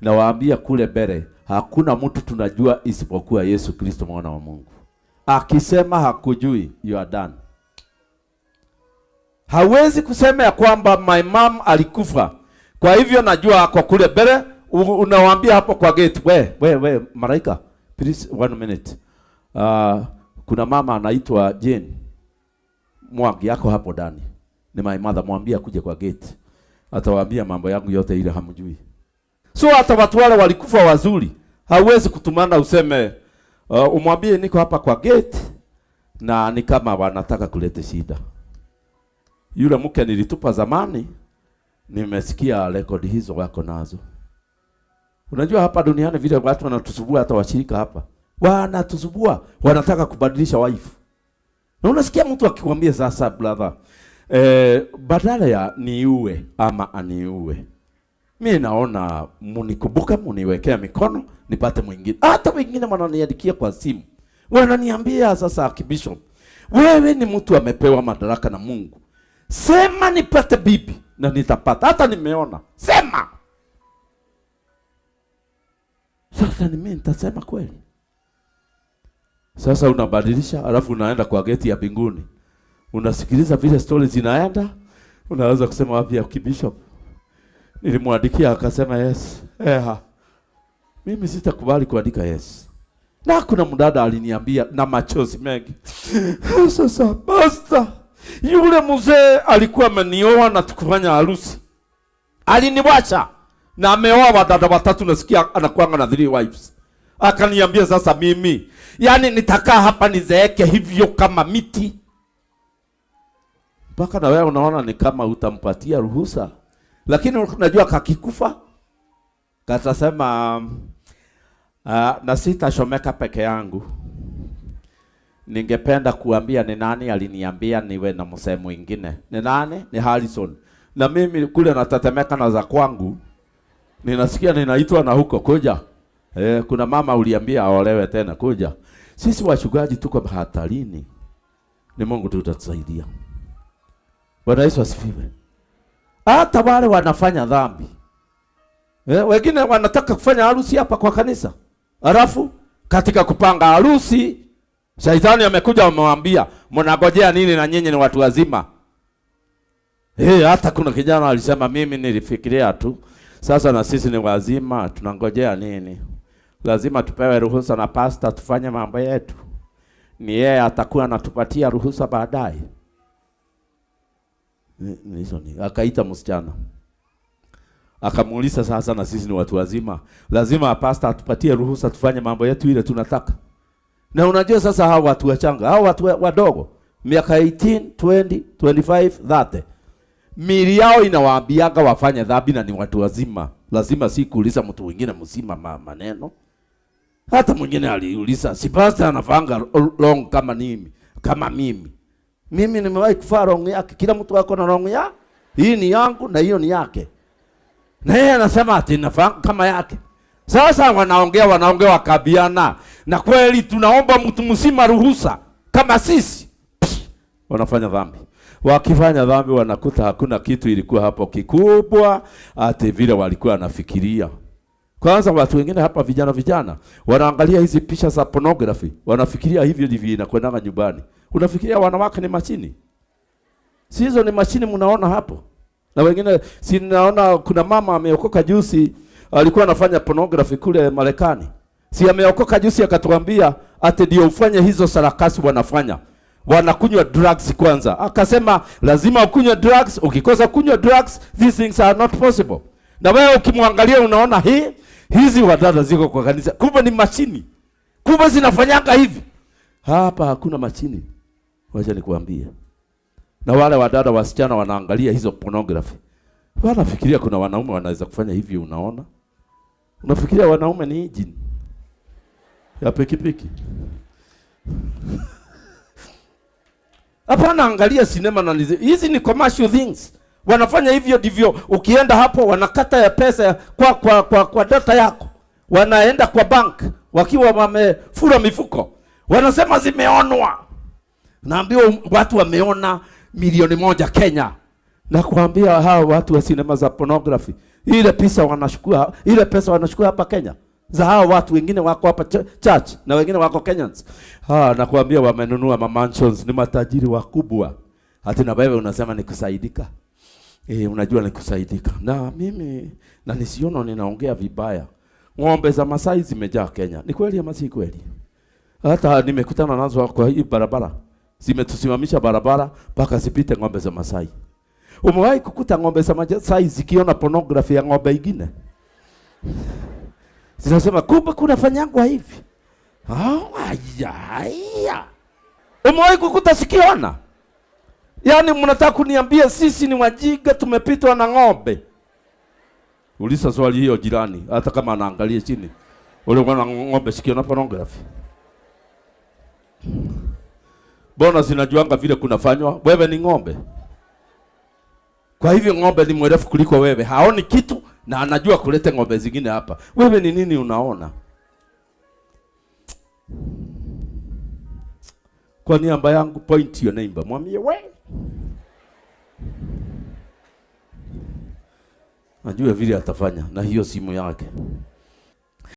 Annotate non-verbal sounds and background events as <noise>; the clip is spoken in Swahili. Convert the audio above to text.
nawaambia kule mbele hakuna mtu tunajua isipokuwa Yesu Kristo mwana wa Mungu. Akisema hakujui you are done. Hawezi kusema ya kwamba my mom alikufa, kwa hivyo najua ako kule mbele. Unawaambia hapo kwa gate, we we we, malaika please one minute. Uh, kuna mama anaitwa Jane Mwangi yako hapo ndani, ni my mother, mwambie akuje kwa gate, atawaambia mambo yangu yote ile hamjui. Sio hata watu wale walikufa wazuri. Hauwezi kutumana useme uh, umwambie niko hapa kwa gate na ni kama wanataka kulete shida. Yule mke nilitupa zamani, nimesikia rekodi hizo wako nazo. Unajua hapa duniani vile watu wanatusubua, hata washirika hapa wanatusubua, wanataka kubadilisha wife. Na unasikia mtu akikwambia sasa, brother, eh, badala ya niue ama aniue mi naona munikubuka muniwekea mikono nipate mwingine. Hata wengine wananiandikia kwa simu, wananiambia sasa, Archbishop, wewe ni mtu amepewa madaraka na Mungu, sema nipate bibi na nitapata. Hata nimeona sema. Sasa ni mimi nitasema kweli? Sasa unabadilisha, alafu unaenda kwa geti ya mbinguni, unasikiliza vile stori zinaenda, unaweza kusema wapi, Archbishop Nilimwandikia akasema yes. Eha. Mimi sitakubali kuandika yes. Na kuna mdada aliniambia na machozi mengi. <laughs> Sasa basta. Yule mzee alikuwa amenioa na tukufanya harusi. Aliniwacha na ameoa wadada watatu, nasikia anakuanga na three wives. Akaniambia sasa mimi, yaani nitakaa hapa nizeeke hivyo kama miti. Mpaka na wewe unaona ni kama utampatia ruhusa. Lakini unajua kakikufa, katasema uh, na sitashomeka peke yangu. Ningependa kuambia ni nani aliniambia niwe na msemo mwingine. Ni nani? Ni Harrison. Na mimi kule natetemeka na za kwangu, ninasikia ninaitwa na huko kuja. Eh, kuna mama uliambia aolewe tena kuja. Sisi washugaji tuko hatarini. Ni Mungu tutatusaidia. Bwana Yesu asifiwe hata wale wanafanya dhambi eh, wengine wanataka kufanya harusi hapa kwa kanisa, alafu katika kupanga harusi Shaitani amekuja amemwambia, mnagojea nini na nyinyi ni watu wazima? Eh, hata kuna kijana alisema mimi nilifikiria tu. Sasa na sisi ni wazima, tunangojea nini? Lazima tupewe ruhusa na pasta tufanye mambo yetu. Ni yeye atakuwa anatupatia ruhusa baadaye hizo ni akaita msichana akamuuliza, sasa na sisi ni watu wazima, lazima pasta atupatie ruhusa tufanye mambo yetu ile tunataka. Na unajua sasa, hao watu wachanga, hao watu wadogo, miaka 18, 20, 25, 30, mili yao inawaambiaga wafanye dhambi, na ni watu wazima, lazima si kuuliza mtu mwingine mzima ma maneno. Hata mwingine aliuliza, si pastor anafanga long kama nimi kama mimi mimi nimewahi kuvaa rongi yake, kila mtu wako na rongi ya Hii ni yangu na hiyo ni yake. Na yeye anasema ati nafahamu kama yake. Sasa wanaongea wanaongea wakabiana. Na kweli tunaomba mtu mzima ruhusa kama sisi. Psh, wanafanya dhambi. Wakifanya dhambi wanakuta hakuna kitu ilikuwa hapo kikubwa ati vile walikuwa wanafikiria. Kwanza watu wengine hapa vijana vijana wanaangalia hizi picha za pornography, wanafikiria hivyo ndivyo inakwendanga nyumbani. Unafikiria wanawake ni mashini? Si hizo ni mashini mnaona hapo. Na wengine si naona kuna mama ameokoka juzi alikuwa anafanya pornography kule Marekani. Si ameokoka juzi akatuambia ate ndio ufanye hizo sarakasi wanafanya. Wanakunywa drugs kwanza. Akasema lazima ukunywe drugs, ukikosa kunywa drugs these things are not possible. Na wewe ukimwangalia unaona hii hizi wadada ziko kwa kanisa. Kumbe ni mashini. Kumbe zinafanyanga hivi. Hapa hakuna mashini. Wacha nikuambie. Na wale wadada wasichana wanaangalia hizo pornography. Wanafikiria kuna wanaume wanaweza kufanya hivi unaona? Unafikiria wanaume ni jini? Ya pikipiki. <laughs> Hapana, angalia sinema na hizi ni commercial things. Wanafanya hivyo ndivyo, ukienda hapo wanakata ya pesa kwa kwa kwa, kwa data yako. Wanaenda kwa bank wakiwa wamefura mifuko. Wanasema zimeonwa. Naambiwa um, watu wameona milioni moja Kenya, na kuambia hao watu wa sinema za pornography, ile pesa wanachukua, ile pesa wanachukua hapa Kenya za hao watu wengine wako hapa church na wengine wako Kenyans. Ah, nakwambia wamenunua ma mansions, ni matajiri wakubwa. Hata na wewe unasema nikusaidika. Eh, unajua nikusaidika. Na mimi na nisiona ninaongea vibaya. Ng'ombe za Masai zimejaa Kenya. Ni kweli ama si kweli? Hata nimekutana nazo kwa hii barabara zimetusimamisha barabara mpaka zipite ng'ombe za Masai. Umewahi kukuta ng'ombe za Masai zikiona pornography ya ng'ombe ingine? Zinasema kumbe kunafanyangwa hivi. Oh, aya, aya. Umewahi kukuta sikiona? Yaani mnataka kuniambia sisi ni wajinga tumepitwa na ng'ombe? Uliza swali hiyo jirani hata kama anaangalia chini. Ule ng'ombe sikiona pornography bona zinajuanga vile kunafanywa? Wewe ni ng'ombe. Kwa hivyo ng'ombe ni mwerefu kuliko wewe, haoni kitu na anajua kuleta ng'ombe zingine hapa. Wewe ni nini unaona? Kwa niaba yangu, point your neighbor, mwambie we najua vile atafanya na hiyo simu yake.